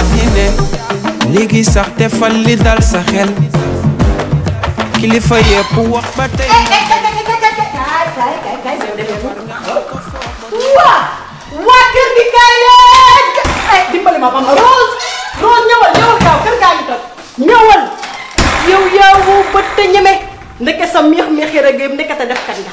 enraciné léegi sax te fal li dal sa xel kilifa yépp wax ba tey. waa waa kër gi kaay leen dimbali ma mama Rose Rose ñëwal ñëwal gaaw kër gaa ngi toj ñëwal yow yaawu ñeme ndeke sa miix miix yi rek ndeke te def kat nga.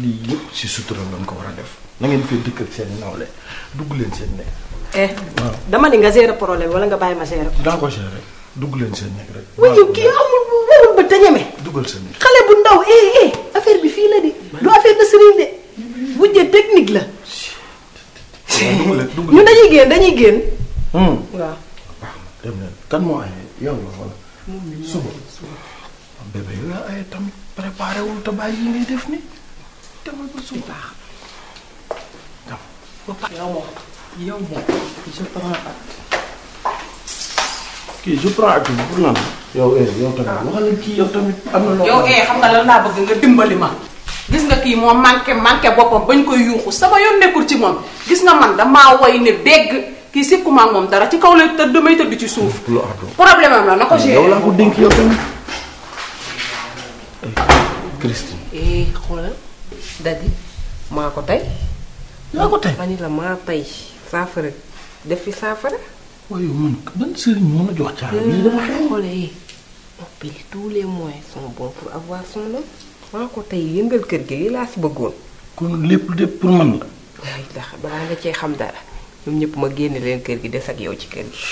li yëpp ci sutura lañ ko war a def na ngeen fi dëkk ak seen nawle dugg leen seen nekk. eh dama ni nga gérer problème wala nga bàyyi ma gérer ko. ko gérer dugg leen seen nekk rek. waaw kii amul wowul ah, ba te ñeme. duggal seen nekk xale bu ndaw eh eh affaire bi fii la de du affaire de Serigne de wujje technique la. ñu dañuy génn dañuy génn. waaw. Hmm. waaw dem leen kan moo aye yow la wala. suba suba bébé yow yaa aye tam préparé wul te bàyyi yi ngay def nii. demal ba suuf baax yow moom bi pour lan yow ah, am eh, xam nga lan laa bëgg nga dimbali ma. gis nga kii moom manqué manqué boppam bañ koy yuuxu sama yoon nekkul ci moom gis nga man damaa woy ne dégg kii sikkuma ak moom dara ci kaw lay tëdd damay tëdd ci suuf. problème am la na ko eh, yow laa ko dénk yow tamit. Christine. Eh, dadi maa ko tey. maa ko tey ma ni la maa tey saafara def fi saafara. waaye man ban sëriñ moo la jox caabi lii dafa xew. xoole yi oppi tous les moyens sont bons pour avoir son homme maa ko tey yëngal kër gi lii laa si bëggoon. kon lépp lépp pour man la. waaye balaa nga cee xam dara ñoom ñëpp ma génne leen kër gi des ak yow ci kër gi.